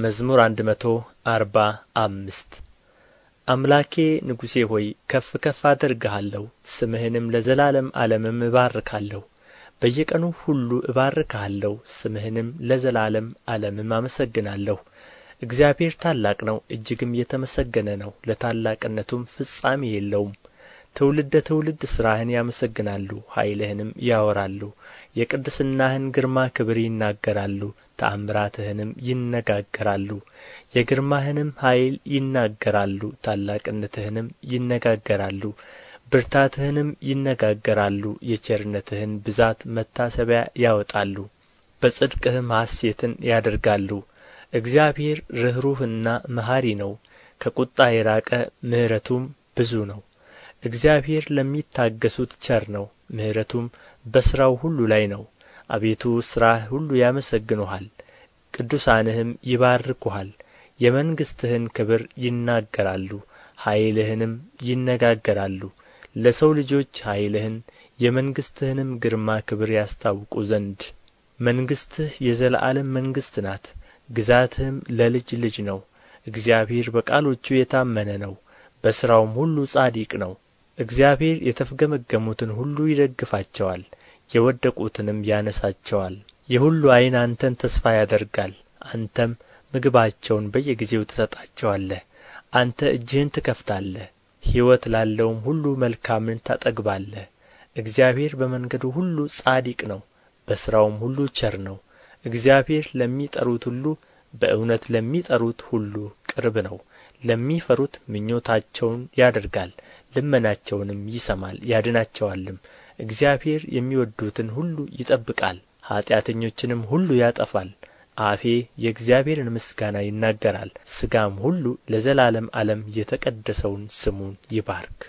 መዝሙር መቶ አርባ አምስት አምላኬ ንጉሴ ሆይ ከፍ ከፍ አደርግሃለሁ ስምህንም ለዘላለም ዓለምም እባርካለሁ በየቀኑ ሁሉ እባርካለሁ፣ ስምህንም ለዘላለም ዓለምም አመሰግናለሁ እግዚአብሔር ታላቅ ነው እጅግም የተመሰገነ ነው ለታላቅነቱም ፍጻሜ የለውም ትውልደ ትውልድ ሥራህን ያመሰግናሉ ኃይልህንም ያወራሉ የቅድስናህን ግርማ ክብር ይናገራሉ ተአምራትህንም ይነጋገራሉ የግርማህንም ኃይል ይናገራሉ ታላቅነትህንም ይነጋገራሉ ብርታትህንም ይነጋገራሉ የቸርነትህን ብዛት መታሰቢያ ያወጣሉ በጽድቅህም ሐሴትን ያደርጋሉ እግዚአብሔር ርኅሩህና መሐሪ ነው ከቁጣ የራቀ ምሕረቱም ብዙ ነው እግዚአብሔር ለሚታገሱት ቸር ነው ምሕረቱም በሥራው ሁሉ ላይ ነው አቤቱ ሥራህ ሁሉ ያመሰግኑሃል ቅዱሳንህም ይባርኩሃል የመንግሥትህን ክብር ይናገራሉ ኃይልህንም ይነጋገራሉ ለሰው ልጆች ኃይልህን የመንግሥትህንም ግርማ ክብር ያስታውቁ ዘንድ መንግሥትህ የዘላለም መንግሥት ናት ግዛትህም ለልጅ ልጅ ነው እግዚአብሔር በቃሎቹ የታመነ ነው በሥራውም ሁሉ ጻድቅ ነው እግዚአብሔር የተፍገመገሙትን ሁሉ ይደግፋቸዋል የወደቁትንም ያነሳቸዋል የሁሉ ዓይን አንተን ተስፋ ያደርጋል አንተም ምግባቸውን በየጊዜው ትሰጣቸዋለህ አንተ እጅህን ትከፍታለህ ሕይወት ላለውም ሁሉ መልካምን ታጠግባለህ እግዚአብሔር በመንገዱ ሁሉ ጻድቅ ነው በሥራውም ሁሉ ቸር ነው እግዚአብሔር ለሚጠሩት ሁሉ በእውነት ለሚጠሩት ሁሉ ቅርብ ነው ለሚፈሩት ምኞታቸውን ያደርጋል ልመናቸውንም ይሰማል ያድናቸዋልም እግዚአብሔር የሚወዱትን ሁሉ ይጠብቃል ኃጢአተኞችንም ሁሉ ያጠፋል አፌ የእግዚአብሔርን ምስጋና ይናገራል ሥጋም ሁሉ ለዘላለም ዓለም የተቀደሰውን ስሙን ይባርክ